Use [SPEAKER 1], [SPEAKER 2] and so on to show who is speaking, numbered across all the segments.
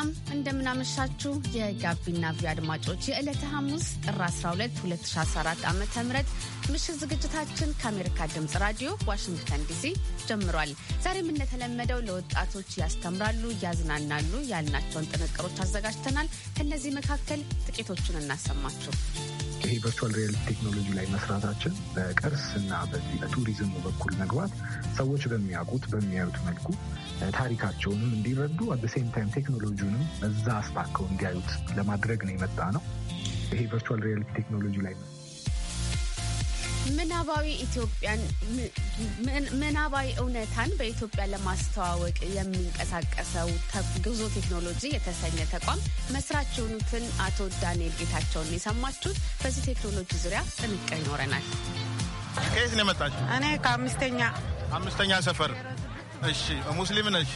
[SPEAKER 1] ሰላም እንደምናመሻችሁ የጋቢና ቪ አድማጮች የዕለተ ሐሙስ ጥር 12 2014 ዓ ም ምሽት ዝግጅታችን ከአሜሪካ ድምፅ ራዲዮ ዋሽንግተን ዲሲ ጀምሯል። ዛሬም እንደተለመደው ለወጣቶች ያስተምራሉ፣ ያዝናናሉ ያልናቸውን ጥንቅሮች አዘጋጅተናል። ከእነዚህ መካከል ጥቂቶቹን እናሰማችሁ።
[SPEAKER 2] ይሄ ቨርቹዋል ሪያሊቲ ቴክኖሎጂ ላይ መስራታችን በቅርስ እና በዚህ በቱሪዝሙ በኩል መግባት ሰዎች በሚያውቁት በሚያዩት መልኩ ታሪካቸውንም እንዲረዱ አደሴም ታይም ቴክኖሎጂውንም እዛ አስታከው እንዲያዩት ለማድረግ ነው የመጣ ነው። ይሄ ቨርቹዋል ሪያሊቲ ቴክኖሎጂ ላይ ነው
[SPEAKER 1] ምናባዊ ኢትዮጵያን ምናባዊ እውነታን በኢትዮጵያ ለማስተዋወቅ የሚንቀሳቀሰው ጉዞ ቴክኖሎጂ የተሰኘ ተቋም መስራች የሆኑትን አቶ ዳንኤል ጌታቸውን የሰማችሁት። በዚህ ቴክኖሎጂ ዙሪያ ጥንቅር ይኖረናል።
[SPEAKER 3] ከየት ነው የመጣችሁ? እኔ ከአምስተኛ አምስተኛ ሰፈር። እሺ፣ ሙስሊም ነሽ?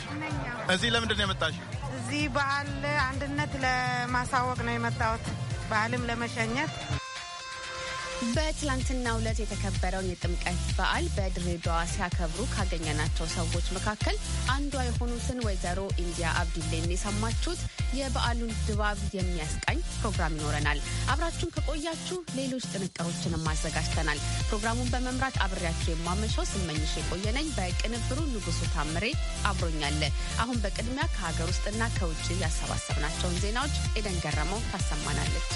[SPEAKER 3] እዚህ ለምንድን ነው የመጣችሁ?
[SPEAKER 1] እዚህ በዓል አንድነት ለማሳወቅ ነው የመጣሁት፣ በዓልም ለመሸኘት በትላንትና ዕለት የተከበረውን የጥምቀት በዓል በድሬዳዋ ሲያከብሩ ካገኘናቸው ሰዎች መካከል አንዷ የሆኑትን ወይዘሮ ኢንዲያ አብዲሌን የሰማችሁት። የበዓሉን ድባብ የሚያስቃኝ ፕሮግራም ይኖረናል። አብራችሁን ከቆያችሁ ሌሎች ጥንቅሮችንም አዘጋጅተናል። ፕሮግራሙን በመምራት አብሬያችሁ የማመሻው ስመኝሽ የቆየነኝ፣ በቅንብሩ ንጉሱ ታምሬ አብሮኛለ። አሁን በቅድሚያ ከሀገር ውስጥና ከውጭ ያሰባሰብናቸውን ዜናዎች ኤደን ገረመው ታሰማናለች።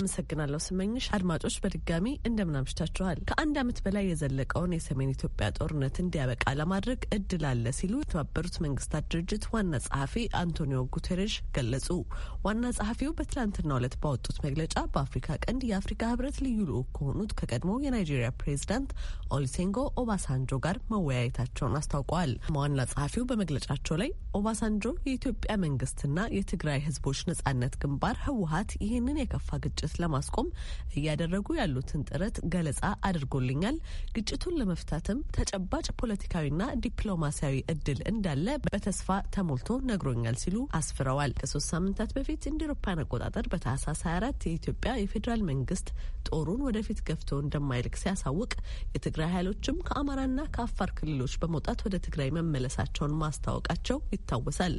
[SPEAKER 4] አመሰግናለሁ ስመኝሽ። አድማጮች በድጋሚ እንደምናምሽታችኋል። ከአንድ ዓመት በላይ የዘለቀውን የሰሜን ኢትዮጵያ ጦርነት እንዲያበቃ ለማድረግ እድል አለ ሲሉ የተባበሩት መንግስታት ድርጅት ዋና ጸሐፊ አንቶኒዮ ጉቴሬሽ ገለጹ። ዋና ጸሐፊው በትላንትናው ዕለት ባወጡት መግለጫ በአፍሪካ ቀንድ የአፍሪካ ህብረት ልዩ ልዑክ ከሆኑት ከቀድሞው የናይጄሪያ ፕሬዚዳንት ኦሊሴንጎ ኦባሳንጆ ጋር መወያየታቸውን አስታውቀዋል። ዋና ጸሐፊው በመግለጫቸው ላይ ኦባሳንጆ የኢትዮጵያ መንግስትና የትግራይ ህዝቦች ነጻነት ግንባር ህወሀት ይህንን የከፋ ግጭት ግጭት ለማስቆም እያደረጉ ያሉትን ጥረት ገለጻ አድርጎልኛል። ግጭቱን ለመፍታትም ተጨባጭ ፖለቲካዊና ዲፕሎማሲያዊ እድል እንዳለ በተስፋ ተሞልቶ ነግሮኛል ሲሉ አስፍረዋል። ከሶስት ሳምንታት በፊት እንደ አውሮፓውያን አቆጣጠር በታህሳስ 24 የኢትዮጵያ የፌዴራል መንግስት ጦሩን ወደፊት ገፍቶ እንደማይልቅ ሲያሳውቅ የትግራይ ኃይሎችም ከአማራና ከአፋር ክልሎች በመውጣት ወደ ትግራይ መመለሳቸውን ማስታወቃቸው ይታወሳል።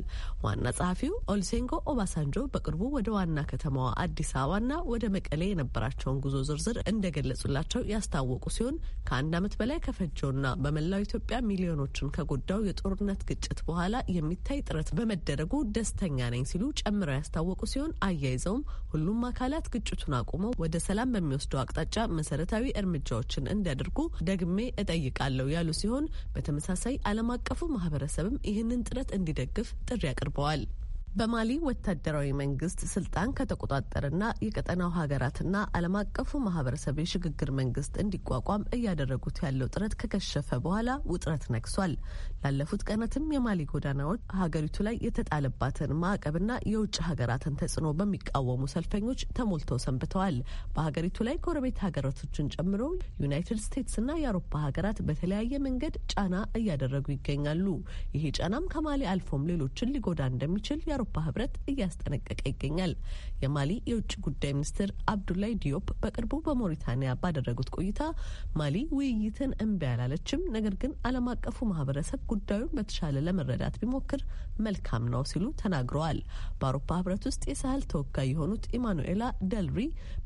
[SPEAKER 4] ዋና ጸሐፊው ኦልሴንጎ ኦባሳንጆ በቅርቡ ወደ ዋና ከተማዋ አዲስ አበባና ወደ መቀሌ የነበራቸውን ጉዞ ዝርዝር እንደገለጹላቸው ያስታወቁ ሲሆን ከአንድ ዓመት በላይ ከፈጀውና በመላው ኢትዮጵያ ሚሊዮኖችን ከጎዳው የጦርነት ግጭት በኋላ የሚታይ ጥረት በመደረጉ ደስተኛ ነኝ ሲሉ ጨምረው ያስታወቁ ሲሆን አያይዘውም ሁሉም አካላት ግጭቱን አቁመው ወደ ሰላም በሚወስደው አቅጣጫ መሰረታዊ እርምጃዎችን እንዲያደርጉ ደግሜ እጠይቃለሁ ያሉ ሲሆን በተመሳሳይ ዓለም አቀፉ ማህበረሰብም ይህንን ጥረት እንዲደግፍ ጥሪ አቅርበዋል። በማሊ ወታደራዊ መንግስት ስልጣን ከተቆጣጠረና የቀጠናው ሀገራትና ዓለም አቀፉ ማህበረሰብ የሽግግር መንግስት እንዲቋቋም እያደረጉት ያለው ጥረት ከከሸፈ በኋላ ውጥረት ነግሷል። ላለፉት ቀናትም የማሊ ጎዳናዎች ሀገሪቱ ላይ የተጣለባትን ማዕቀብና የውጭ ሀገራትን ተጽዕኖ በሚቃወሙ ሰልፈኞች ተሞልተው ሰንብተዋል። በሀገሪቱ ላይ ጎረቤት ሀገራቶችን ጨምሮ ዩናይትድ ስቴትስና የአውሮፓ ሀገራት በተለያየ መንገድ ጫና እያደረጉ ይገኛሉ። ይሄ ጫናም ከማሊ አልፎም ሌሎችን ሊጎዳ እንደሚችል የአውሮፓ ህብረት እያስጠነቀቀ ይገኛል። የማሊ የውጭ ጉዳይ ሚኒስትር አብዱላይ ዲዮፕ በቅርቡ በሞሪታንያ ባደረጉት ቆይታ ማሊ ውይይትን እምቢ አላለችም፣ ነገር ግን ዓለም አቀፉ ማህበረሰብ ጉዳዩን በተሻለ ለመረዳት ቢሞክር መልካም ነው ሲሉ ተናግረዋል። በአውሮፓ ህብረት ውስጥ የሳህል ተወካይ የሆኑት ኢማኑኤላ ደልሪ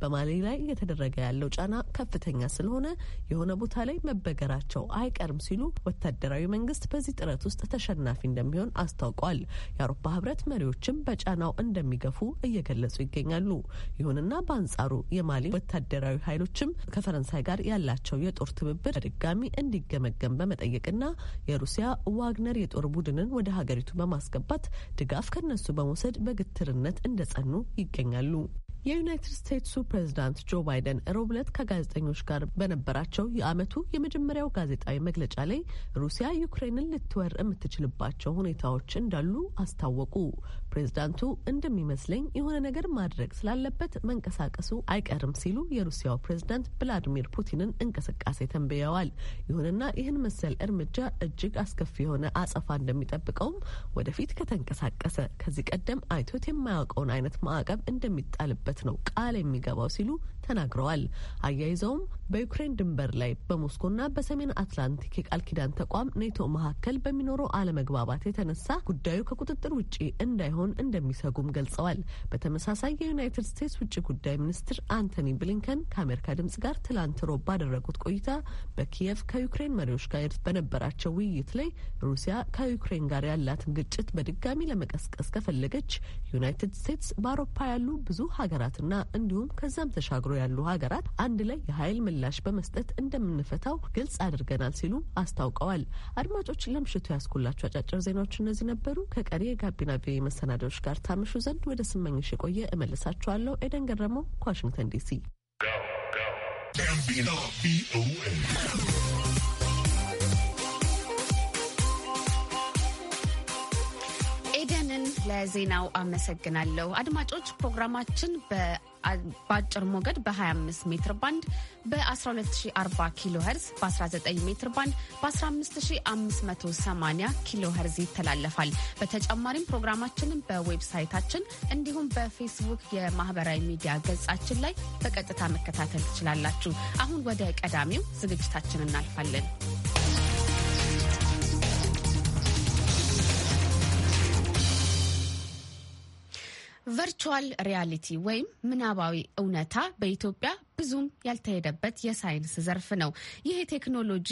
[SPEAKER 4] በማሊ ላይ እየተደረገ ያለው ጫና ከፍተኛ ስለሆነ የሆነ ቦታ ላይ መበገራቸው አይቀርም ሲሉ ወታደራዊ መንግስት በዚህ ጥረት ውስጥ ተሸናፊ እንደሚሆን አስታውቋል። የአውሮፓ ህብረት መሪ ነዋሪዎችም በጫናው እንደሚገፉ እየገለጹ ይገኛሉ። ይሁንና በአንጻሩ የማሊ ወታደራዊ ኃይሎችም ከፈረንሳይ ጋር ያላቸው የጦር ትብብር በድጋሚ እንዲገመገም በመጠየቅና የሩሲያ ዋግነር የጦር ቡድንን ወደ ሀገሪቱ በማስገባት ድጋፍ ከነሱ በመውሰድ በግትርነት እንደጸኑ ይገኛሉ። የዩናይትድ ስቴትሱ ፕሬዝዳንት ጆ ባይደን ሮብ ዕለት ከጋዜጠኞች ጋር በነበራቸው የአመቱ የመጀመሪያው ጋዜጣዊ መግለጫ ላይ ሩሲያ ዩክሬንን ልትወር የምትችልባቸው ሁኔታዎች እንዳሉ አስታወቁ። ፕሬዝዳንቱ እንደሚመስለኝ የሆነ ነገር ማድረግ ስላለበት መንቀሳቀሱ አይቀርም ሲሉ የሩሲያው ፕሬዝዳንት ቭላዲሚር ፑቲንን እንቅስቃሴ ተንብየዋል። ይሁንና ይህን መሰል እርምጃ እጅግ አስከፊ የሆነ አጸፋ እንደሚጠብቀውም ወደፊት ከተንቀሳቀሰ ከዚህ ቀደም አይቶት የማያውቀውን አይነት ማዕቀብ እንደሚጣልበት ለመስጠት ነው ቃል የሚገባው ሲሉ ተናግረዋል። አያይዘውም በዩክሬን ድንበር ላይ በሞስኮና በሰሜን አትላንቲክ የቃል ኪዳን ተቋም ኔቶ መካከል በሚኖረው አለመግባባት የተነሳ ጉዳዩ ከቁጥጥር ውጭ እንዳይሆን እንደሚሰጉም ገልጸዋል። በተመሳሳይ የዩናይትድ ስቴትስ ውጭ ጉዳይ ሚኒስትር አንቶኒ ብሊንከን ከአሜሪካ ድምጽ ጋር ትላንት ሮብ ባደረጉት ቆይታ በኪየቭ ከዩክሬን መሪዎች ጋር በነበራቸው ውይይት ላይ ሩሲያ ከዩክሬን ጋር ያላትን ግጭት በድጋሚ ለመቀስቀስ ከፈለገች ዩናይትድ ስቴትስ በአውሮፓ ያሉ ብዙ ሀገራት ሀገራትና እንዲሁም ከዛም ተሻግሮ ያሉ ሀገራት አንድ ላይ የኃይል ምላሽ በመስጠት እንደምንፈታው ግልጽ አድርገናል ሲሉ አስታውቀዋል። አድማጮች ለምሽቱ ያስኩላቸው አጫጭር ዜናዎች እነዚህ ነበሩ። ከቀሪ የጋቢና ቪኦኤ መሰናዶዎች ጋር ታምሹ ዘንድ ወደ ስመኝሽ የቆየ እመልሳችኋለሁ። ኤደን ገረመው ከዋሽንግተን ዲሲ
[SPEAKER 1] ለዜናው አመሰግናለሁ። አድማጮች ፕሮግራማችን በአጭር ሞገድ በ25 ሜትር ባንድ በ1240 ኪሎ ሄርዝ በ19 ሜትር ባንድ በ15580 ኪሎ ሄርዝ ይተላለፋል። በተጨማሪም ፕሮግራማችንን በዌብሳይታችን እንዲሁም በፌስቡክ የማህበራዊ ሚዲያ ገጻችን ላይ በቀጥታ መከታተል ትችላላችሁ። አሁን ወደ ቀዳሚው ዝግጅታችን እናልፋለን። ቨርቹዋል ሪያሊቲ ወይም ምናባዊ እውነታ በኢትዮጵያ ብዙም ያልተሄደበት የሳይንስ ዘርፍ ነው። ይህ ቴክኖሎጂ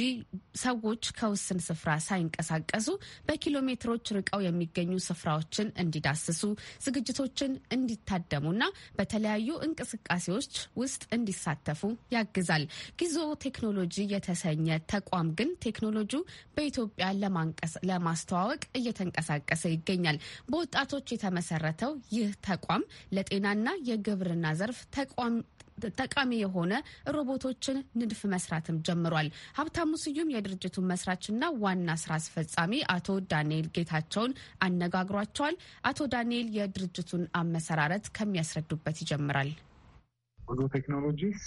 [SPEAKER 1] ሰዎች ከውስን ስፍራ ሳይንቀሳቀሱ በኪሎ ሜትሮች ርቀው የሚገኙ ስፍራዎችን እንዲዳስሱ፣ ዝግጅቶችን እንዲታደሙና በተለያዩ እንቅስቃሴዎች ውስጥ እንዲሳተፉ ያግዛል። ጊዞ ቴክኖሎጂ የተሰኘ ተቋም ግን ቴክኖሎጂ በኢትዮጵያ ለማስተዋወቅ እየተንቀሳቀሰ ይገኛል። በወጣቶች የተመሰረተው ይህ ተቋም ለጤናና የግብርና ዘርፍ ጠቃሚ የሆነ ሮቦቶችን ንድፍ መስራትም ጀምሯል። ሀብታሙ ስዩም የድርጅቱን መስራችና ዋና ስራ አስፈጻሚ አቶ ዳንኤል ጌታቸውን አነጋግሯቸዋል። አቶ ዳንኤል የድርጅቱን አመሰራረት ከሚያስረዱበት ይጀምራል።
[SPEAKER 2] ጉዞ ቴክኖሎጂስ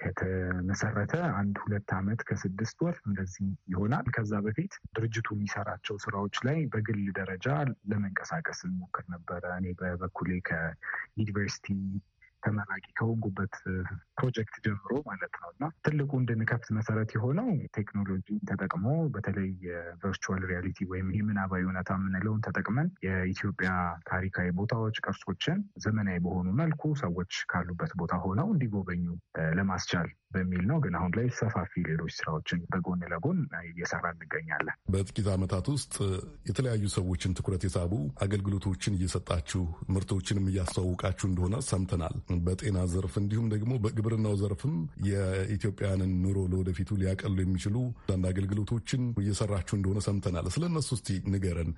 [SPEAKER 2] ከተመሰረተ አንድ ሁለት አመት ከስድስት ወር እንደዚህ ይሆናል። ከዛ በፊት ድርጅቱ የሚሰራቸው ስራዎች ላይ በግል ደረጃ ለመንቀሳቀስ እንሞክር ነበረ። እኔ በበኩሌ ከዩኒቨርሲቲ ተመራቂ ከሆንኩበት ፕሮጀክት ጀምሮ ማለት ነው እና ትልቁ እንድንከፍት መሰረት የሆነው ቴክኖሎጂ ተጠቅሞ በተለይ የቨርቹዋል ሪያሊቲ ወይም የምናባዊ እውነታ የምንለውን ተጠቅመን የኢትዮጵያ ታሪካዊ ቦታዎች፣ ቅርሶችን ዘመናዊ በሆኑ መልኩ ሰዎች ካሉበት ቦታ ሆነው እንዲጎበኙ
[SPEAKER 5] ለማስቻል በሚል ነው። ግን አሁን ላይ ሰፋፊ ሌሎች ስራዎችን በጎን ለጎን እየሰራ እንገኛለን። በጥቂት ዓመታት ውስጥ የተለያዩ ሰዎችን ትኩረት የሳቡ አገልግሎቶችን እየሰጣችሁ ምርቶችንም እያስተዋውቃችሁ እንደሆነ ሰምተናል። በጤና ዘርፍ እንዲሁም ደግሞ በግብርናው ዘርፍም የኢትዮጵያንን ኑሮ ለወደፊቱ ሊያቀሉ የሚችሉ አንዳንድ አገልግሎቶችን እየሰራችሁ እንደሆነ ሰምተናል። ስለ እነሱ እስቲ ንገረን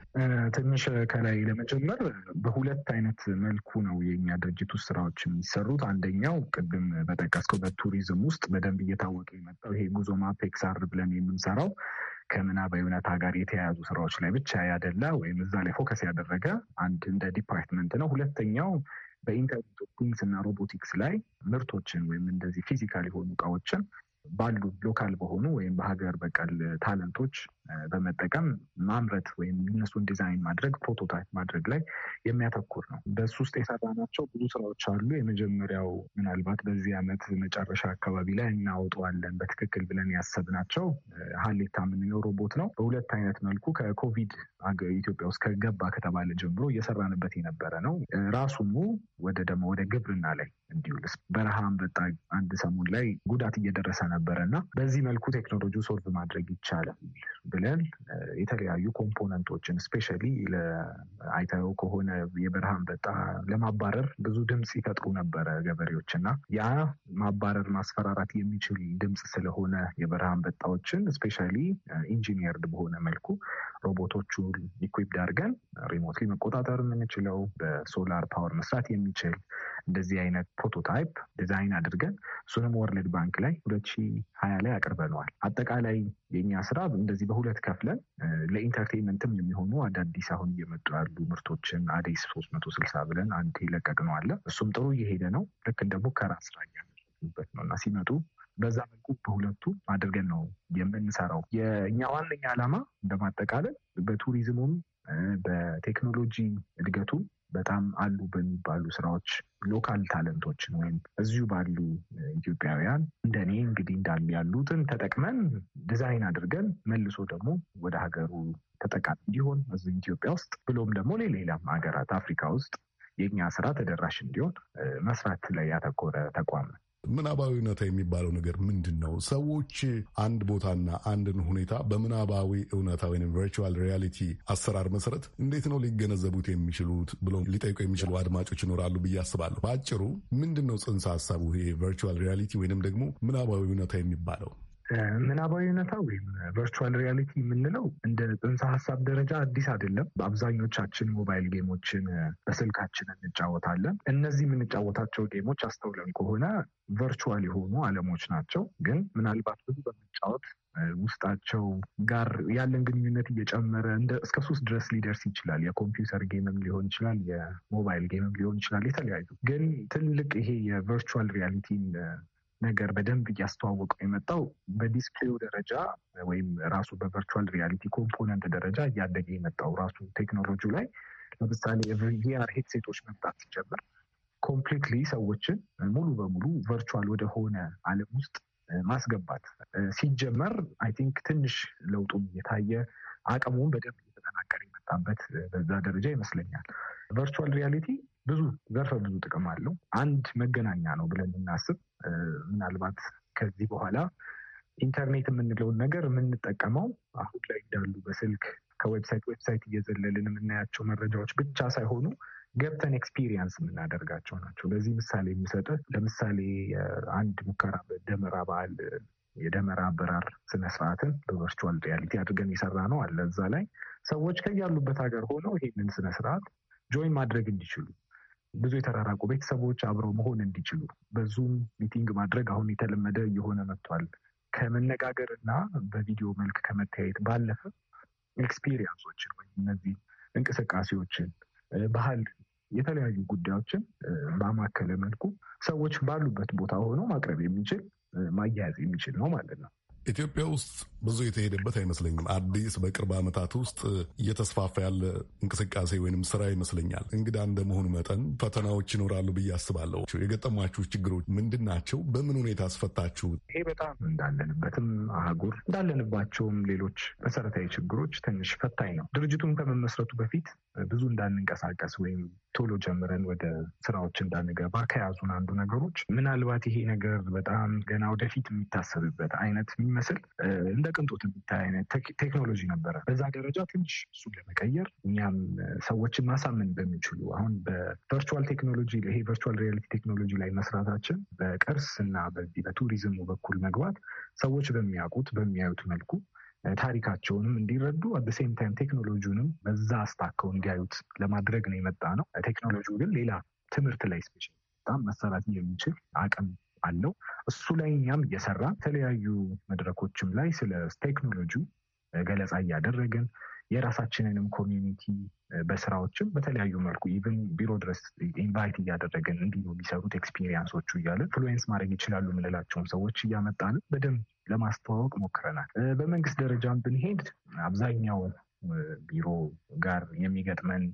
[SPEAKER 5] ትንሽ። ከላይ ለመጀመር በሁለት
[SPEAKER 2] አይነት መልኩ ነው የኛ ድርጅት ውስጥ ስራዎች የሚሰሩት። አንደኛው ቅድም በጠቀስከው በቱሪዝም ውስጥ በደንብ እየታወቀ የመጣው ይሄ ጉዞ ማፕ ብለን የምንሰራው ከምናብ እውነታ ጋር የተያያዙ ስራዎች ላይ ብቻ ያደላ ወይም እዛ ላይ ፎከስ ያደረገ አንድ እንደ ዲፓርትመንት ነው። ሁለተኛው በኢንተርኔት ኦፍ ቲንግስ እና ሮቦቲክስ ላይ ምርቶችን ወይም እንደዚህ ፊዚካል የሆኑ እቃዎችን ባሉ ሎካል በሆኑ ወይም በሀገር በቀል ታለንቶች በመጠቀም ማምረት ወይም እነሱን ዲዛይን ማድረግ ፕሮቶታይፕ ማድረግ ላይ የሚያተኩር ነው። በሱ ውስጥ የሰራናቸው ብዙ ስራዎች አሉ። የመጀመሪያው ምናልባት በዚህ ዓመት መጨረሻ አካባቢ ላይ እናወጣዋለን በትክክል ብለን ያሰብናቸው ሀሌታ የምንለው ሮቦት ነው። በሁለት አይነት መልኩ ከኮቪድ ኢትዮጵያ ውስጥ ከገባ ከተባለ ጀምሮ እየሰራንበት የነበረ ነው። ራሱሙ ወደ ደግሞ ወደ ግብርና ላይ እንዲውልስ በረሃ አንበጣ አንድ ሰሞን ላይ ጉዳት እየደረሰ ነው ነበረ እና በዚህ መልኩ ቴክኖሎጂ ሶልቭ ማድረግ ይቻላል ብለን የተለያዩ ኮምፖነንቶችን ስፔሻሊ ለአይታዮ ከሆነ የበረሃን በጣ ለማባረር ብዙ ድምፅ ይፈጥሩ ነበረ ገበሬዎች እና ያ ማባረር ማስፈራራት የሚችል ድምፅ ስለሆነ የበረሃን በጣዎችን ስፔሻሊ ኢንጂኒየርድ በሆነ መልኩ ሮቦቶቹ ኢኩዊፕድ አድርገን ሪሞትሊ መቆጣጠር የምንችለው በሶላር ፓወር መስራት የሚችል እንደዚህ አይነት ፕሮቶታይፕ ዲዛይን አድርገን እሱንም ወርልድ ባንክ ላይ ሁለት ሀያ ላይ አቅርበነዋል። አጠቃላይ የእኛ ስራ እንደዚህ በሁለት ከፍለን ለኢንተርቴንመንትም የሚሆኑ አዳዲስ አሁን እየመጡ ያሉ ምርቶችን አዲስ ሶስት መቶ ስልሳ ብለን አንድ ይለቀቅ ነው አለ። እሱም ጥሩ እየሄደ ነው። ልክ እንደ ሙከራ ስራ እያበት ነው እና ሲመጡ በዛ መልኩ በሁለቱ አድርገን ነው የምንሰራው። የእኛ ዋነኛ ዓላማ እንደማጠቃለል በቱሪዝሙም በቴክኖሎጂ እድገቱም በጣም አሉ በሚባሉ ስራዎች ሎካል ታለንቶችን ወይም እዚሁ ባሉ ኢትዮጵያውያን እንደኔ እንግዲህ እንዳሉ ያሉትን ተጠቅመን ዲዛይን አድርገን መልሶ ደግሞ ወደ ሀገሩ ተጠቃሚ እንዲሆን እዚህ ኢትዮጵያ ውስጥ ብሎም ደግሞ ሌላም ሀገራት አፍሪካ ውስጥ የእኛ ስራ ተደራሽ እንዲሆን መስራት ላይ ያተኮረ ተቋም ነው።
[SPEAKER 5] ምናባዊነት የሚባለው ነገር ምንድን ነው? ሰዎች አንድ ቦታና አንድን ሁኔታ በምናባዊ እውነታ ወይም ቨርቹዋል ሪያሊቲ አሰራር መሰረት እንዴት ነው ሊገነዘቡት የሚችሉት ብለው ሊጠይቁ የሚችሉ አድማጮች ይኖራሉ ብዬ አስባለሁ። በአጭሩ ምንድን ነው ጽንሰ ሀሳቡ ይሄ ቨርቹዋል ሪያሊቲ ወይንም ደግሞ ምናባዊ እውነታ የሚባለው?
[SPEAKER 2] ምናባዊነታ ወይም ቨርቹዋል ሪያሊቲ የምንለው እንደ ጽንሰ ሀሳብ ደረጃ አዲስ አይደለም። በአብዛኞቻችን ሞባይል ጌሞችን በስልካችን እንጫወታለን። እነዚህ የምንጫወታቸው ጌሞች አስተውለን ከሆነ ቨርቹዋል የሆኑ ዓለሞች ናቸው። ግን ምናልባት ብዙ በምንጫወት ውስጣቸው ጋር ያለን ግንኙነት እየጨመረ እስከ ሶስት ድረስ ሊደርስ ይችላል። የኮምፒውተር ጌምም ሊሆን ይችላል፣ የሞባይል ጌምም ሊሆን ይችላል። የተለያዩ ግን ትልቅ ይሄ የቨርቹዋል ሪያሊቲን ነገር በደንብ እያስተዋወቀው የመጣው በዲስፕሌው ደረጃ ወይም ራሱ በቨርቹዋል ሪያሊቲ ኮምፖነንት ደረጃ እያደገ የመጣው ራሱ ቴክኖሎጂ ላይ ለምሳሌ ቪአር ሄድሴቶች መምጣት ሲጀምር ኮምፕሊትሊ ሰዎችን ሙሉ በሙሉ ቨርቹዋል ወደሆነ አለም ውስጥ ማስገባት ሲጀመር አይ ቲንክ ትንሽ ለውጡም የታየ አቅሙን በደንብ እየተጠናከረ የመጣበት በዛ ደረጃ ይመስለኛል። ቨርቹዋል ሪያሊቲ ብዙ ዘርፈ ብዙ ጥቅም አለው። አንድ መገናኛ ነው ብለን እናስብ። ምናልባት ከዚህ በኋላ ኢንተርኔት የምንለውን ነገር የምንጠቀመው አሁን ላይ እንዳሉ በስልክ ከዌብሳይት ዌብሳይት እየዘለልን የምናያቸው መረጃዎች ብቻ ሳይሆኑ ገብተን ኤክስፒሪየንስ የምናደርጋቸው ናቸው። ለዚህ ምሳሌ የሚሰጥ ለምሳሌ አንድ ሙከራ በደመራ በዓል የደመራ አበራር ስነስርዓትን በቨርቹዋል ሪያሊቲ አድርገን የሰራ ነው አለ። እዛ ላይ ሰዎች ከያሉበት ሀገር ሆነው ይህንን ስነስርዓት ጆይን ማድረግ እንዲችሉ ብዙ የተራራቁ ቤተሰቦች አብረው መሆን እንዲችሉ በዙም ሚቲንግ ማድረግ አሁን የተለመደ እየሆነ መጥቷል። ከመነጋገር እና በቪዲዮ መልክ ከመተያየት ባለፈ ኤክስፒሪየንሶችን ወይም እነዚህ እንቅስቃሴዎችን፣ ባህል፣ የተለያዩ ጉዳዮችን ባማከለ መልኩ ሰዎች ባሉበት ቦታ ሆኖ ማቅረብ የሚችል ማያያዝ
[SPEAKER 5] የሚችል ነው ማለት ነው። ኢትዮጵያ ውስጥ ብዙ የተሄደበት አይመስለኝም። አዲስ በቅርብ ዓመታት ውስጥ እየተስፋፋ ያለ እንቅስቃሴ ወይንም ስራ ይመስለኛል። እንግዳ እንደመሆኑ መጠን ፈተናዎች ይኖራሉ ብዬ አስባለሁ። የገጠሟችሁ ችግሮች ምንድን ናቸው? በምን ሁኔታ አስፈታችሁ? ይሄ በጣም እንዳለንበትም አህጉር እንዳለንባቸውም ሌሎች መሰረታዊ
[SPEAKER 2] ችግሮች ትንሽ ፈታኝ ነው። ድርጅቱም ከመመስረቱ በፊት ብዙ እንዳንንቀሳቀስ ወይም ቶሎ ጀምረን ወደ ስራዎች እንዳንገባ ከያዙን አንዱ ነገሮች ምናልባት ይሄ ነገር በጣም ገና ወደፊት የሚታሰብበት አይነት የሚመስል እንደ ቅንጦት የሚታይ አይነት ቴክኖሎጂ ነበረ። በዛ ደረጃ ትንሽ እሱን ለመቀየር እኛም ሰዎችን ማሳመን በሚችሉ አሁን በቨርቹዋል ቴክኖሎጂ ይሄ ቨርቹዋል ሪያሊቲ ቴክኖሎጂ ላይ መስራታችን በቅርስ እና በዚህ በቱሪዝሙ በኩል መግባት ሰዎች በሚያውቁት በሚያዩት መልኩ ታሪካቸውንም እንዲረዱ አት ታይም ቴክኖሎጂውንም በዛ አስታከው እንዲያዩት ለማድረግ ነው የመጣ ነው። ቴክኖሎጂው ግን ሌላ ትምህርት ላይ ስፔሻል በጣም መሰራት የሚችል አቅም አለው። እሱ ላይ እኛም እየሰራ የተለያዩ መድረኮችም ላይ ስለ ቴክኖሎጂ ገለጻ እያደረግን የራሳችንንም ኮሚዩኒቲ በስራዎችም በተለያዩ መልኩ ኢቨን ቢሮ ድረስ ኢንቫይት እያደረገን እንዲ ነው የሚሰሩት ኤክስፒሪየንሶቹ እያለ ፍሉዌንስ ማድረግ ይችላሉ የምንላቸውን ሰዎች እያመጣን በደንብ ለማስተዋወቅ ሞክረናል። በመንግስት ደረጃም ብንሄድ አብዛኛው ቢሮ ጋር የሚገጥመን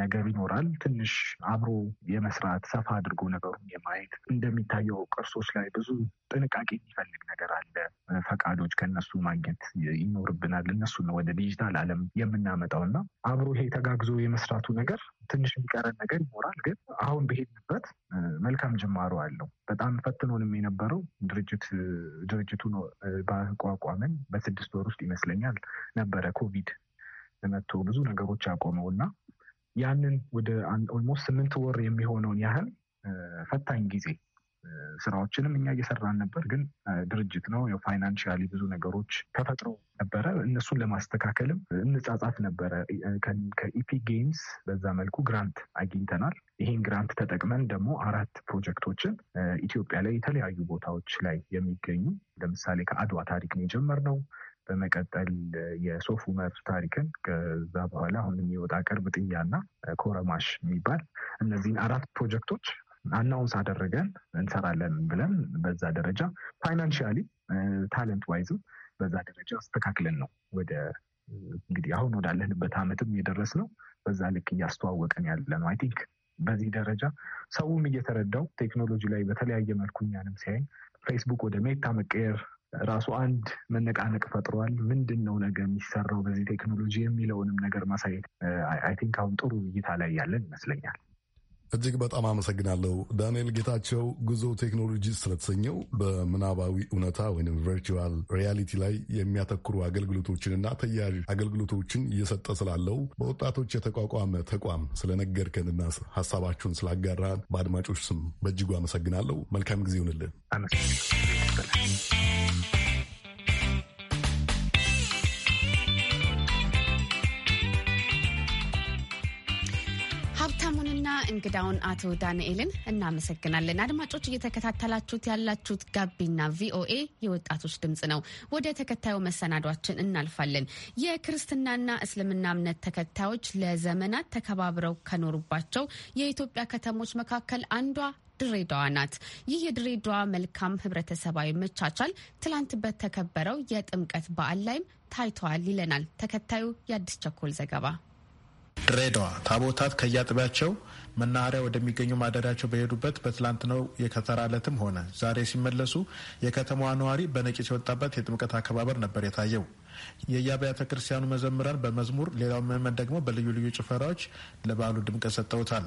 [SPEAKER 2] ነገር ይኖራል። ትንሽ አብሮ የመስራት ሰፋ አድርጎ ነገሩን የማየት እንደሚታየው ቅርሶች ላይ ብዙ ጥንቃቄ የሚፈልግ ነገር አለ። ፈቃዶች ከነሱ ማግኘት ይኖርብናል። ነው ወደ ዲጂታል ዓለም የምናመጣው እና አብሮ ይሄ ተጋግዞ የመስራቱ ነገር ትንሽ የሚቀረን ነገር ይኖራል። ግን አሁን በሄድንበት መልካም ጅማሮ አለው። በጣም ፈትኖንም የነበረው ድርጅት ድርጅቱን ባቋቋመን በስድስት ወር ውስጥ ይመስለኛል ነበረ ኮቪድ መጥቶ ብዙ ነገሮች አቆመው እና ያንን ወደ ኦልሞስት ስምንት ወር የሚሆነውን ያህል ፈታኝ ጊዜ ስራዎችንም እኛ እየሰራን ነበር። ግን ድርጅት ነው የፋይናንሽያሊ ብዙ ነገሮች ተፈጥሮ ነበረ። እነሱን ለማስተካከልም እንጻጻፍ ነበረ። ከኢፒ ጌምስ በዛ መልኩ ግራንት አግኝተናል። ይሄን ግራንት ተጠቅመን ደግሞ አራት ፕሮጀክቶችን ኢትዮጵያ ላይ የተለያዩ ቦታዎች ላይ የሚገኙ ለምሳሌ ከአድዋ ታሪክ ነው የጀመርነው በመቀጠል የሶፍ ዑመር ታሪክን ከዛ በኋላ አሁን የሚወጣ ቅርብ ጥያና ኮረማሽ የሚባል እነዚህን አራት ፕሮጀክቶች አናውንስ አደረገን እንሰራለን ብለን በዛ ደረጃ ፋይናንሽያሊ ታለንት ዋይዝም በዛ ደረጃ አስተካክለን ነው ወደ እንግዲህ አሁን ወዳለንበት አመትም የደረስ ነው። በዛ ልክ እያስተዋወቀን ያለ ነው። አይ ቲንክ በዚህ ደረጃ ሰውም እየተረዳው ቴክኖሎጂ ላይ በተለያየ መልኩ እኛንም ሲያይ ፌስቡክ ወደ ሜታ መቀየር ራሱ አንድ መነቃነቅ ፈጥሯል። ምንድን ነው ነገ የሚሰራው በዚህ ቴክኖሎጂ የሚለውንም ነገር ማሳየት አይ ቲንክ አሁን ጥሩ እይታ ላይ ያለን ይመስለኛል።
[SPEAKER 5] እጅግ በጣም አመሰግናለሁ ዳንኤል ጌታቸው። ጉዞ ቴክኖሎጂ ስለተሰኘው በምናባዊ እውነታ ወይም ቨርቹዋል ሪያሊቲ ላይ የሚያተኩሩ አገልግሎቶችንና ተያያዥ አገልግሎቶችን እየሰጠ ስላለው በወጣቶች የተቋቋመ ተቋም ስለነገርከንና ሀሳባችሁን ስላጋራን በአድማጮች ስም በእጅጉ አመሰግናለሁ። መልካም ጊዜ ይሁንልን። Ángeles.
[SPEAKER 1] እንግዳውን አቶ ዳንኤልን እናመሰግናለን። አድማጮች እየተከታተላችሁት ያላችሁት ጋቢና ቪኦኤ የወጣቶች ድምጽ ነው። ወደ ተከታዩ መሰናዷችን እናልፋለን። የክርስትናና እስልምና እምነት ተከታዮች ለዘመናት ተከባብረው ከኖሩባቸው የኢትዮጵያ ከተሞች መካከል አንዷ ድሬዳዋ ናት። ይህ የድሬዳዋ መልካም ህብረተሰባዊ መቻቻል ትላንት በተከበረው የጥምቀት በዓል ላይም ታይተዋል ይለናል ተከታዩ የአዲስ ቸኮል ዘገባ።
[SPEAKER 6] ድሬዳዋ ታቦታት ከያጥቢያቸው መናኸሪያ ወደሚገኙ ማደሪያቸው በሄዱበት በትላንትናው የከተራ ዕለትም ሆነ ዛሬ ሲመለሱ የከተማዋ ነዋሪ በነቂስ የወጣበት የጥምቀት አከባበር ነበር የታየው። የየአብያተ ክርስቲያኑ መዘምራን በመዝሙር ሌላው ምዕመን ደግሞ በልዩ ልዩ ጭፈራዎች ለበዓሉ ድምቀት ሰጥተውታል።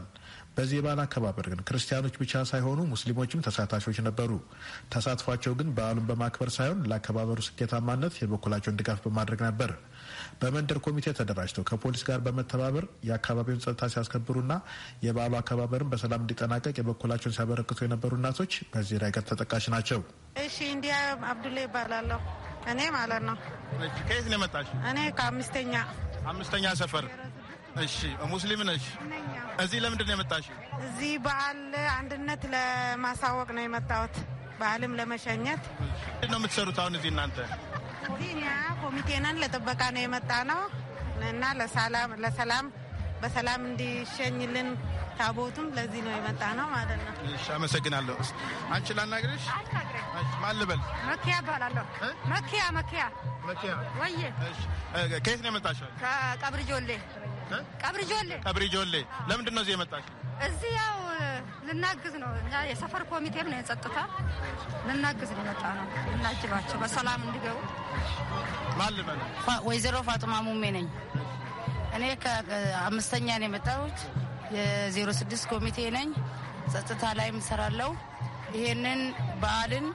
[SPEAKER 6] በዚህ የበዓል አከባበር ግን ክርስቲያኖች ብቻ ሳይሆኑ ሙስሊሞችም ተሳታፊዎች ነበሩ። ተሳትፏቸው ግን በዓሉን በማክበር ሳይሆን ለአከባበሩ ስኬታማነት የበኩላቸውን ድጋፍ በማድረግ ነበር። በመንደር ኮሚቴ ተደራጅተው ከፖሊስ ጋር በመተባበር የአካባቢውን ጸጥታ ሲያስከብሩና የበዓሉ አከባበርን በሰላም እንዲጠናቀቅ የበኩላቸውን ሲያበረክቱ የነበሩ እናቶች በዚህ ረገድ ተጠቃሽ ናቸው።
[SPEAKER 1] እሺ፣ እንዲያ አብዱላ ይባላለሁ። እኔ ማለት ነው።
[SPEAKER 3] ከየት ነው የመጣሽ?
[SPEAKER 1] እኔ ከአምስተኛ
[SPEAKER 3] አምስተኛ ሰፈር እሺ፣ ሙስሊም ነሽ? እዚህ ለምንድን ነው የመጣሽ?
[SPEAKER 1] እዚህ በዓል አንድነት ለማሳወቅ ነው የመጣሁት፣ በዓልም ለመሸኘት።
[SPEAKER 3] ምንድን ነው የምትሰሩት አሁን እዚህ እናንተ?
[SPEAKER 1] እኛ ኮሚቴ ነን፣ ለጥበቃ ነው የመጣ ነው እና ለሰላም በሰላም እንዲሸኝልን
[SPEAKER 3] ታቦቱም ለዚህ ነው የመጣ ነው ማለት ነው። እሺ አመሰግናለሁ። አንቺ ላናግርሽ ማን ልበል?
[SPEAKER 1] መኪያ እባላለሁ። መኪያ መኪያ መኪያ።
[SPEAKER 3] ከየት ነው የመጣሽው? ከቀብር ጆሌ ቀብርጆሌ ቀብርጆሌ። ለምንድን ነው እዚህ የመጣሽ? እዚህ ያው ልናግዝ ነው። እኛ የሰፈር ኮሚቴም ነው የጸጥታ ልናግዝ ሊመጣ ነው። ልናጅባቸው በሰላም እንዲገቡ ወይዘሮ ፋጡማ
[SPEAKER 1] ሙሜ ነኝ እኔ ከአምስተኛ ነው የመጣሁት። የዜሮ ስድስት ኮሚቴ ነኝ። ጸጥታ ላይ ምሰራለው። ይሄንን በዓልን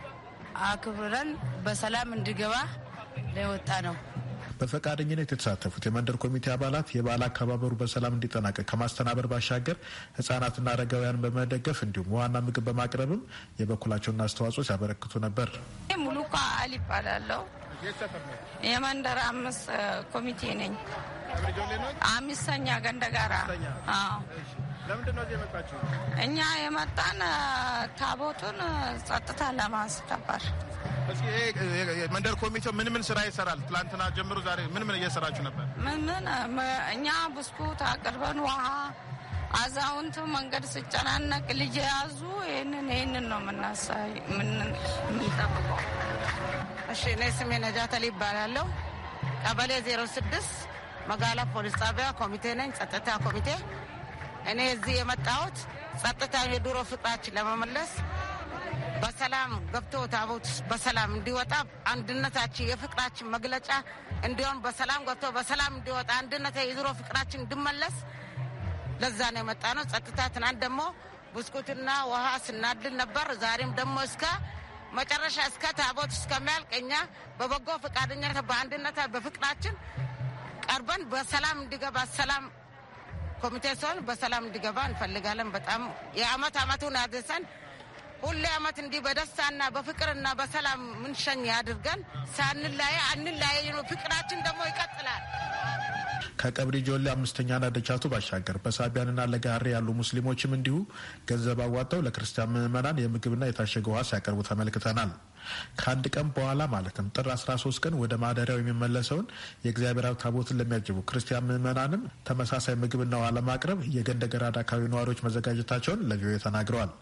[SPEAKER 1] አክብረን በሰላም እንዲገባ ለወጣ ነው።
[SPEAKER 6] በፈቃደኝነት የተሳተፉት የመንደር ኮሚቴ አባላት የበዓል አከባበሩ በሰላም እንዲጠናቀቅ ከማስተናበር ባሻገር ህጻናትና አረጋውያን በመደገፍ እንዲሁም ዋና ምግብ በማቅረብም የበኩላቸውን አስተዋጽኦ ሲያበረክቱ ነበር።
[SPEAKER 1] ሙሉ አል ይባላለሁ። የመንደር አምስት ኮሚቴ ነኝ። አምስተኛ ገንደ ጋራ እኛ የመጣን ታቦቱን ጸጥታ ለማስከበር
[SPEAKER 3] መንደር ኮሚቴው ምን ምን ስራ ይሰራል? ትላንትና ጀምሮ ዛሬ ምን ምን እየሰራችሁ ነበር?
[SPEAKER 1] ምን ምን እኛ ብስኩት አቅርበን ውሃ፣ አዛውንቱ መንገድ ስጨናነቅ ልጅ የያዙ ይህንን ይህንን ነው የምናሳይ የምንጠብቀው። እሺ፣ እኔ ስሜ ነጃተል ይባላለሁ። ቀበሌ ዜሮ ስድስት መጋላ ፖሊስ ጣቢያ ኮሚቴ ነኝ፣ ጸጥታ ኮሚቴ። እኔ እዚህ የመጣሁት ጸጥታ የድሮ ፍጣችን ለመመለስ በሰላም ገብቶ ታቦት በሰላም እንዲወጣ አንድነታችን የፍቅራችን መግለጫ እንዲሆን በሰላም ገብቶ በሰላም እንዲወጣ አንድነት የድሮ ፍቅራችን እንድመለስ ለዛ ነው የመጣ ነው። ጸጥታ ትናንት ደግሞ ብስኩትና ውሃ ስናድል ነበር። ዛሬም ደግሞ እስከ መጨረሻ እስከ ታቦት እስከሚያልቅ እኛ በበጎ ፈቃደኝነት በአንድነት በፍቅራችን ቀርበን በሰላም እንዲገባ ሰላም ኮሚቴ ሲሆን በሰላም እንዲገባ እንፈልጋለን። በጣም የአመት አመቱን አድርሰን ሁሌ ዓመት እንዲህ በደስታና በፍቅርና በሰላም ምንሸኝ አድርገን ሳንለያይ አንለያይ። ፍቅራችን ደግሞ ይቀጥላል።
[SPEAKER 6] ከቀብሪ ጆሌ አምስተኛና ደቻቱ ባሻገር በሳቢያንና ለጋሪ ያሉ ሙስሊሞችም እንዲሁ ገንዘብ አዋጠው ለክርስቲያን ምዕመናን የምግብና የታሸገ ውሃ ሲያቀርቡ ተመልክተናል። ከአንድ ቀን በኋላ ማለትም ጥር 13 ቀን ወደ ማደሪያው የሚመለሰውን የእግዚአብሔር ታቦትን ለሚያጅቡ ክርስቲያን ምዕመናንም ተመሳሳይ ምግብና ውሃ ለማቅረብ የገንደ ገራዳ አካባቢ ነዋሪዎች መዘጋጀታቸውን ለቪኦኤ ተናግረዋል።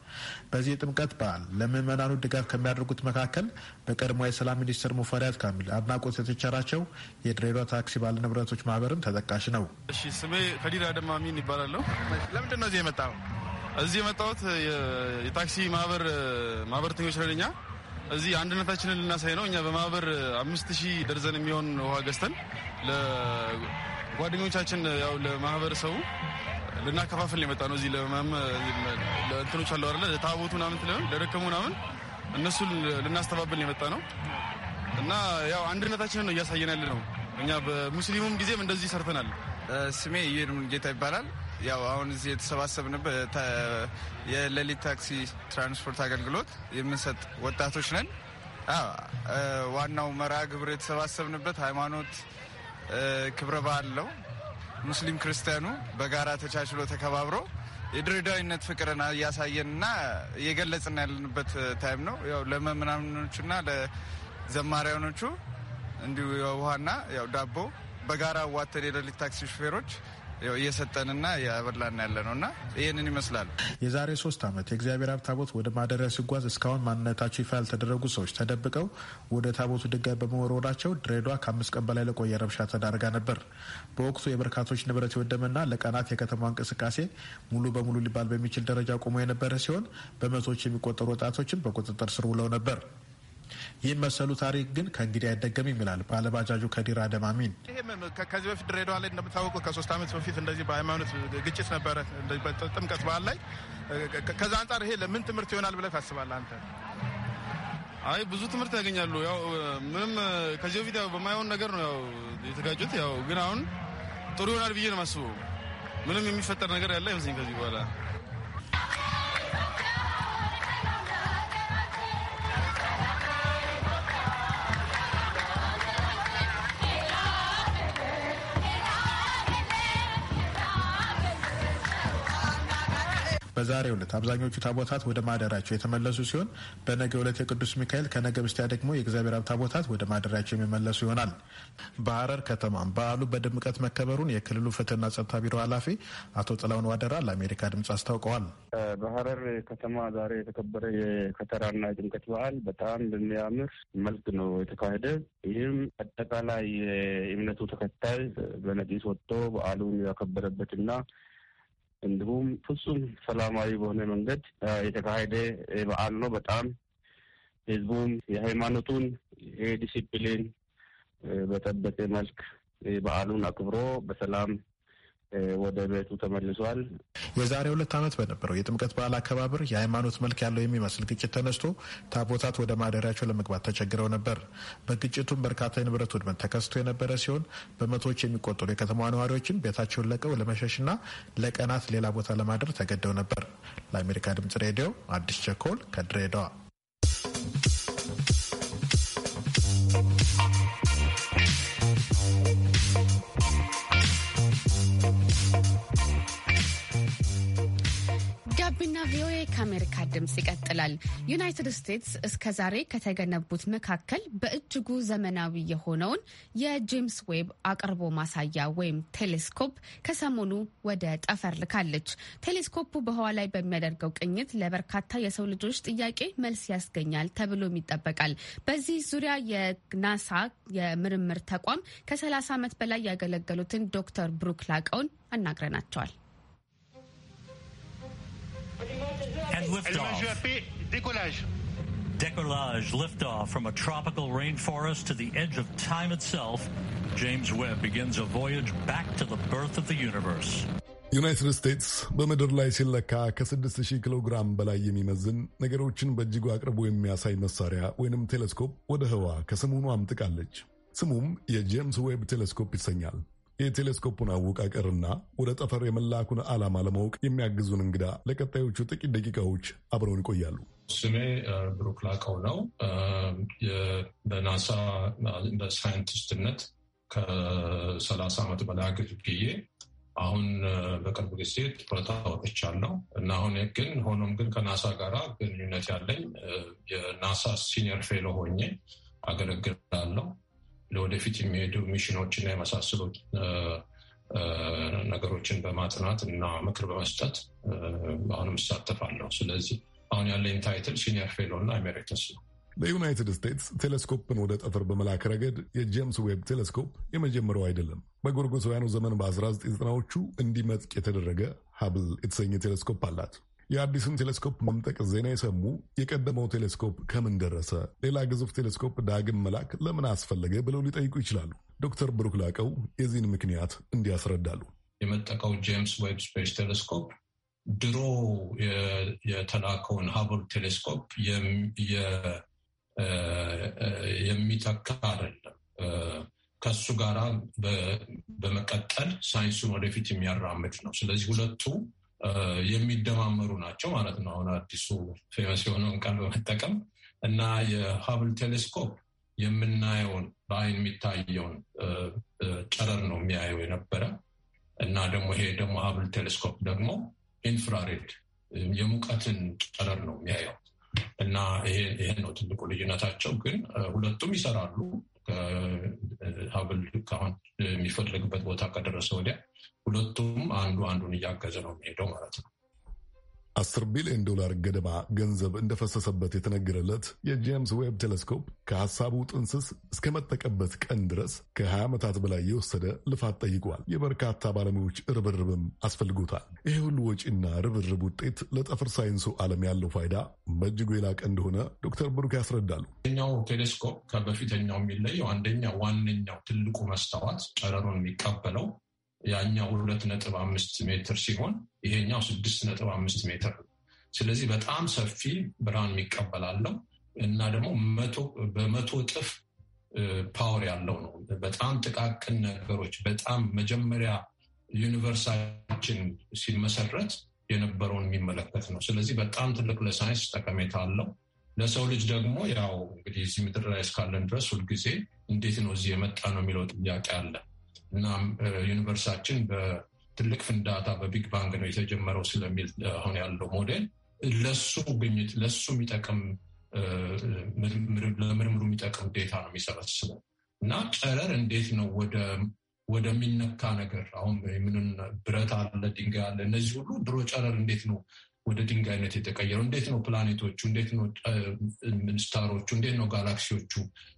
[SPEAKER 6] በዚህ የጥምቀት በዓል ለምዕመናኑ ድጋፍ ከሚያደርጉት መካከል በቀድሞ የሰላም ሚኒስትር ሙፈሪያት ካሚል አድናቆት የተቸራቸው የድሬዳዋ ታክሲ ባለ ንብረቶች ማህበርም ተጠቃሽ ነው።
[SPEAKER 3] እሺ፣ ስሜ ከዲር አደማሚን ይባላለሁ። ለምንድን ነው እዚህ ነው? እዚህ የመጣሁት የታክሲ ማህበር ማህበርተኞች ረድኛ እዚህ አንድነታችንን ልናሳይ ነው። እኛ በማህበር አምስት ሺህ ደርዘን የሚሆን ውሃ ገዝተን ለጓደኞቻችን ያው ለማህበረሰቡ ልናከፋፍል የመጣ ነው። እዚህ ለእንትኖች አለው አለ ለታቦቱ ምናምን ትለን ለደከሙ ምናምን እነሱን ልናስተባብል የመጣ ነው እና ያው አንድነታችንን ነው እያሳየን ያለ ነው። እኛ በሙስሊሙም ጊዜም እንደዚህ ሰርተናል። ስሜ ይሁን ጌታ ይባላል። ያው አሁን እዚህ የተሰባሰብንበት የሌሊት ታክሲ ትራንስፖርት አገልግሎት የምንሰጥ ወጣቶች ነን። ዋናው መርሃ ግብር የተሰባሰብንበት ሃይማኖት ክብረ በዓል ነው። ሙስሊም ክርስቲያኑ በጋራ ተቻችሎ ተከባብሮ የድሬዳዊነት ፍቅርን እያሳየንና እየገለጽን ያለንበት ታይም ነው። ያው ለመምናምኖቹና ለዘማሪያኖቹ እንዲሁ የውሃና ያው ዳቦ በጋራ ዋተን የሌሊት ታክሲ ሹፌሮች እየሰጠንና ያበላና ያለ ነው እና ይህንን ይመስላል።
[SPEAKER 6] የዛሬ ሶስት ዓመት የእግዚአብሔር ሀብ ታቦት ወደ ማደሪያ ሲጓዝ እስካሁን ማንነታቸው ይፋ ያልተደረጉ ሰዎች ተደብቀው ወደ ታቦቱ ድንጋይ በመወርወራቸው ድሬዷ ከአምስት ቀን በላይ ለቆየ ረብሻ ተዳርጋ ነበር። በወቅቱ የበርካቶች ንብረት የወደመና ለቀናት የከተማ እንቅስቃሴ ሙሉ በሙሉ ሊባል በሚችል ደረጃ ቆሞ የነበረ ሲሆን በመቶዎች የሚቆጠሩ ወጣቶችን በቁጥጥር ስር ውለው ነበር። ይህ መሰሉ ታሪክ ግን ከእንግዲህ አይደገም ይላል ባለባጃጁ ከዲር አደማሚን።
[SPEAKER 3] ከዚህ በፊት ድሬዳዋ ላይ እንደምታወቁ ከሶስት ዓመት በፊት እንደዚህ በሃይማኖት ግጭት ነበረ ጥምቀት በዓል ላይ። ከዛ አንጻር ይሄ ለምን ትምህርት ይሆናል ብለህ ታስባለህ አንተ? አይ ብዙ ትምህርት ያገኛሉ። ያው ምንም ከዚህ በፊት ያው በማይሆን ነገር ነው ያው የተጋጩት። ያው ግን አሁን ጥሩ ይሆናል ብዬ ነው የማስበው። ምንም የሚፈጠር ነገር ያለ አይመስለኝ ከዚህ በኋላ
[SPEAKER 6] በዛሬው ዕለት አብዛኞቹ ታቦታት ወደ ማደራቸው የተመለሱ ሲሆን በነገ ዕለት የቅዱስ ሚካኤል ከነገ በስቲያ ደግሞ የእግዚአብሔር አብ ታቦታት ወደ ማደራቸው የሚመለሱ ይሆናል። በሀረር ከተማ በዓሉ በድምቀት መከበሩን የክልሉ ፍትህና ጸጥታ ቢሮ ኃላፊ አቶ ጥላውን ዋደራ ለአሜሪካ ድምጽ አስታውቀዋል።
[SPEAKER 2] በሀረር ከተማ ዛሬ የተከበረ የከተራና የድምቀት በዓል በጣም በሚያምር መልክ ነው የተካሄደ። ይህም አጠቃላይ የእምነቱ ተከታይ በነቂስ ወጥቶ በዓሉን ያከበረበትና እንዲሁም ፍጹም
[SPEAKER 3] ሰላማዊ በሆነ መንገድ የተካሄደ በዓል ነው። በጣም ህዝቡም የሃይማኖቱን የዲሲፕሊን በጠበቀ መልክ በዓሉን
[SPEAKER 1] አክብሮ በሰላም ወደ ቤቱ ተመልሷል።
[SPEAKER 6] የዛሬ ሁለት ዓመት በነበረው የጥምቀት በዓል አከባበር የሃይማኖት መልክ ያለው የሚመስል ግጭት ተነስቶ ታቦታት ወደ ማደሪያቸው ለመግባት ተቸግረው ነበር። በግጭቱም በርካታ የንብረት ውድመት ተከስቶ የነበረ ሲሆን በመቶዎች የሚቆጠሩ የከተማ ነዋሪዎችም ቤታቸውን ለቀው ለመሸሽና ለቀናት ሌላ ቦታ ለማደር ተገደው ነበር። ለአሜሪካ ድምጽ ሬዲዮ አዲስ ቸኮል ከድሬዳዋ
[SPEAKER 1] ቪኦኤ ከአሜሪካ ድምፅ ይቀጥላል። ዩናይትድ ስቴትስ እስከ ዛሬ ከተገነቡት መካከል በእጅጉ ዘመናዊ የሆነውን የጄምስ ዌብ አቅርቦ ማሳያ ወይም ቴሌስኮፕ ከሰሞኑ ወደ ጠፈር ልካለች። ቴሌስኮፑ በህዋ ላይ በሚያደርገው ቅኝት ለበርካታ የሰው ልጆች ጥያቄ መልስ ያስገኛል ተብሎም ይጠበቃል። በዚህ ዙሪያ የናሳ የምርምር ተቋም ከ30 ዓመት በላይ ያገለገሉትን ዶክተር ብሩክ ላቀውን አናግረናቸዋል።
[SPEAKER 7] and liftoff. Décollage. Decollage, liftoff from a tropical rainforest to the edge of time itself, James Webb begins a voyage back to the birth of the universe.
[SPEAKER 5] ዩናይትድ ስቴትስ በምድር ላይ ሲለካ ከ6000 ኪሎ ግራም በላይ የሚመዝን ነገሮችን በእጅጉ አቅርቦ የሚያሳይ መሳሪያ ወይንም ቴሌስኮፕ ወደ ህዋ ከሰሞኑ አምጥቃለች። ስሙም የጄምስ ዌብ ቴሌስኮፕ ይሰኛል። የቴሌስኮፑን አወቃቀርና ወደ ጠፈር የመላኩን ዓላማ ለማወቅ የሚያግዙን እንግዳ ለቀጣዮቹ ጥቂት ደቂቃዎች አብረውን ይቆያሉ።
[SPEAKER 7] ስሜ ብሩክ ላቀው ነው። በናሳ በሳይንቲስትነት ከሰላሳ ዓመት በላይ አገልግዬ አሁን በቅርብ ጊዜ ጡረታ ወጥቻለሁ እና አሁን ግን ሆኖም ግን ከናሳ ጋር ግንኙነት ያለኝ የናሳ ሲኒየር ፌሎ ሆኜ አገለግላለሁ። ለወደፊት የሚሄዱ ሚሽኖችና የመሳሰሉ ነገሮችን በማጥናት እና ምክር በመስጠት አሁንም እሳተፋለሁ። ስለዚህ አሁን ያለኝ ታይትል ሲኒየር ፌሎ እና ኤሜሬተስ ነው።
[SPEAKER 5] በዩናይትድ ስቴትስ ቴሌስኮፕን ወደ ጠፈር በመላክ ረገድ የጄምስ ዌብ ቴሌስኮፕ የመጀመሪያው አይደለም። በጎርጎሳውያኑ ዘመን በ1990ዎቹ እንዲመጥቅ የተደረገ ሀብል የተሰኘ ቴሌስኮፕ አላት። የአዲሱን ቴሌስኮፕ መምጠቅ ዜና የሰሙ የቀደመው ቴሌስኮፕ ከምን ደረሰ፣ ሌላ ግዙፍ ቴሌስኮፕ ዳግም መላክ ለምን አስፈለገ ብለው ሊጠይቁ ይችላሉ። ዶክተር ብሩክ ላቀው የዚህን ምክንያት እንዲያስረዳሉ።
[SPEAKER 7] የመጠቀው ጄምስ ዌብ ስፔስ ቴሌስኮፕ ድሮ የተላከውን ሀብል ቴሌስኮፕ የሚተካ አይደለም። ከሱ ጋራ በመቀጠል ሳይንሱን ወደፊት የሚያራምድ ነው። ስለዚህ ሁለቱ የሚደማመሩ ናቸው ማለት ነው። አሁን አዲሱ ፌመስ የሆነውን ቃል በመጠቀም እና የሀብል ቴሌስኮፕ የምናየውን በአይን የሚታየውን ጨረር ነው የሚያየው የነበረ እና ደግሞ ይሄ ደግሞ ሀብል ቴሌስኮፕ ደግሞ ኢንፍራሬድ የሙቀትን ጨረር ነው የሚያየው እና ይሄ ነው ትልቁ ልዩነታቸው። ግን ሁለቱም ይሰራሉ። ሀብል ከአሁን የሚፈለግበት ቦታ ከደረሰ ወዲያ ሁለቱም አንዱ አንዱን እያገዘ ነው የሚሄደው ማለት ነው።
[SPEAKER 5] አስር ቢሊዮን ዶላር ገደማ ገንዘብ እንደፈሰሰበት የተነገረለት የጄምስ ዌብ ቴሌስኮፕ ከሐሳቡ ጥንስስ እስከመጠቀበት ቀን ድረስ ከ20 ዓመታት በላይ የወሰደ ልፋት ጠይቋል። የበርካታ ባለሙያዎች ርብርብም አስፈልጎታል። ይህ ሁሉ ወጪና ርብርብ ውጤት ለጠፈር ሳይንሱ ዓለም ያለው ፋይዳ በእጅጉ የላቀ እንደሆነ ዶክተር ብሩክ ያስረዳሉ።
[SPEAKER 7] ኛው ቴሌስኮፕ ከበፊተኛው የሚለየው አንደኛ ዋነኛው ትልቁ መስተዋት ጨረሩን የሚቀበለው ያኛው ሁለት ነጥብ አምስት ሜትር ሲሆን ይሄኛው ስድስት ነጥብ አምስት ሜትር ነው። ስለዚህ በጣም ሰፊ ብርሃን የሚቀበላለው እና ደግሞ በመቶ እጥፍ ፓወር ያለው ነው። በጣም ጥቃቅን ነገሮች በጣም መጀመሪያ ዩኒቨርሳችን ሲመሰረት የነበረውን የሚመለከት ነው። ስለዚህ በጣም ትልቅ ለሳይንስ ጠቀሜታ አለው። ለሰው ልጅ ደግሞ ያው እንግዲህ እዚህ ምድር ላይ እስካለን ድረስ ሁልጊዜ እንዴት ነው እዚህ የመጣ ነው የሚለው ጥያቄ አለ። እናም ዩኒቨርሳችን በትልቅ ፍንዳታ በቢግ ባንግ ነው የተጀመረው ስለሚል አሁን ያለው ሞዴል ለሱ ግኝት ለሱ የሚጠቅም ለምርምሩ የሚጠቅም ዴታ ነው የሚሰበስበው እና ጨረር እንዴት ነው ወደሚነካ ነገር አሁን ምንም ብረት አለ፣ ድንጋይ አለ። እነዚህ ሁሉ ድሮ ጨረር እንዴት ነው ወደ ድንጋይነት የተቀየረው? እንዴት ነው ፕላኔቶቹ፣ እንዴት ነው ስታሮቹ፣ እንዴት ነው ጋላክሲዎቹ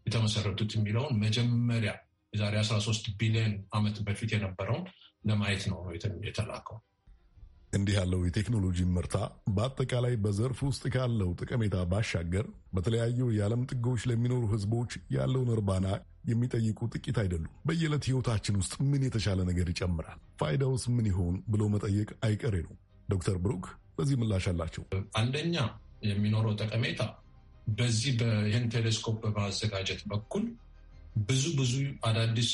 [SPEAKER 7] የተመሰረቱት የሚለውን መጀመሪያ የዛሬ 13 ቢሊዮን ዓመት በፊት የነበረውን ለማየት ነው የተላከው።
[SPEAKER 5] እንዲህ ያለው የቴክኖሎጂ ምርታ በአጠቃላይ በዘርፍ ውስጥ ካለው ጠቀሜታ ባሻገር በተለያዩ የዓለም ጥጎች ለሚኖሩ ሕዝቦች ያለውን እርባና የሚጠይቁ ጥቂት አይደሉም። በየዕለት ሕይወታችን ውስጥ ምን የተሻለ ነገር ይጨምራል? ፋይዳውስ ምን ይሆን ብሎ መጠየቅ አይቀሬ ነው። ዶክተር ብሩክ በዚህ ምላሽ አላቸው።
[SPEAKER 7] አንደኛ የሚኖረው ጠቀሜታ በዚህ በይህን ቴሌስኮፕ በማዘጋጀት በኩል ብዙ ብዙ አዳዲስ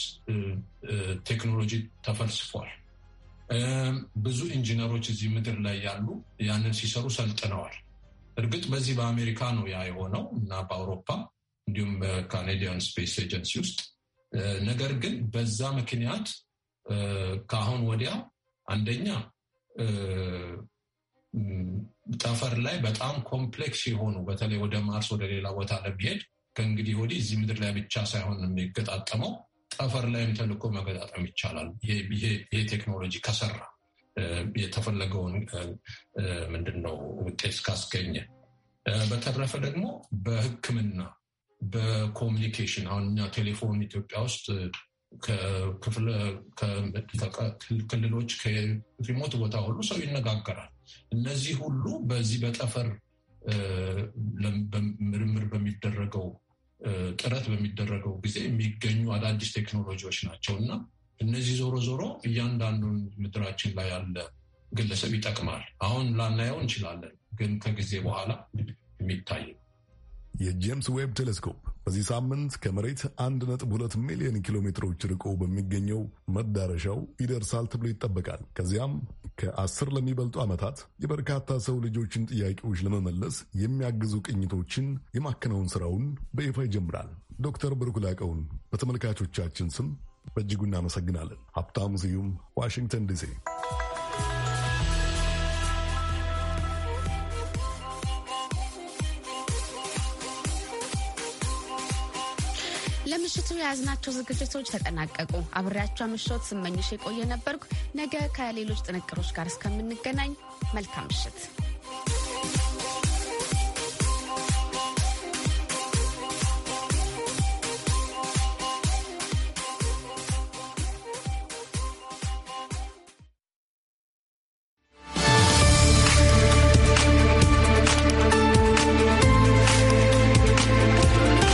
[SPEAKER 7] ቴክኖሎጂ ተፈልስፏል። ብዙ ኢንጂነሮች እዚህ ምድር ላይ ያሉ ያንን ሲሰሩ ሰልጥነዋል። እርግጥ በዚህ በአሜሪካ ነው ያ የሆነው እና በአውሮፓ እንዲሁም በካኔዲያን ስፔስ ኤጀንሲ ውስጥ ነገር ግን በዛ ምክንያት ከአሁን ወዲያ አንደኛ ጠፈር ላይ በጣም ኮምፕሌክስ የሆኑ በተለይ ወደ ማርስ ወደ ሌላ ቦታ ለመሄድ ከእንግዲህ ወዲህ እዚህ ምድር ላይ ብቻ ሳይሆን የሚገጣጠመው ጠፈር ላይም ተልኮ መገጣጠም ይቻላል። ይሄ ቴክኖሎጂ ከሰራ የተፈለገውን ምንድነው ውጤት ካስገኘ። በተረፈ ደግሞ በሕክምና በኮሚኒኬሽን አሁን እኛ ቴሌፎን ኢትዮጵያ ውስጥ ክልሎች ከሪሞት ቦታ ሁሉ ሰው ይነጋገራል። እነዚህ ሁሉ በዚህ በጠፈር ምርምር በሚደረገው ጥረት በሚደረገው ጊዜ የሚገኙ አዳዲስ ቴክኖሎጂዎች ናቸው እና እነዚህ ዞሮ ዞሮ እያንዳንዱን ምድራችን ላይ ያለ ግለሰብ ይጠቅማል። አሁን ላናየው እንችላለን፣ ግን ከጊዜ በኋላ የሚታይ
[SPEAKER 5] የጄምስ ዌብ ቴሌስኮፕ በዚህ ሳምንት ከመሬት 1.2 ሚሊዮን ኪሎ ሜትሮች ርቆ በሚገኘው መዳረሻው ይደርሳል ተብሎ ይጠበቃል። ከዚያም ከአስር ለሚበልጡ ዓመታት የበርካታ ሰው ልጆችን ጥያቄዎች ለመመለስ የሚያግዙ ቅኝቶችን የማከናወን ሥራውን በይፋ ይጀምራል። ዶክተር ብሩክ ላቀውን በተመልካቾቻችን ስም በእጅጉ እናመሰግናለን። ሀብታሙ ስዩም ዋሽንግተን ዲሲ
[SPEAKER 1] ለምሽቱ የያዝናቸው ዝግጅቶች ተጠናቀቁ። አብሬያቸው ምሽት ስመኝሽ የቆየ ነበርኩ። ነገ ከሌሎች ጥንቅሮች ጋር እስከምንገናኝ መልካም ምሽት።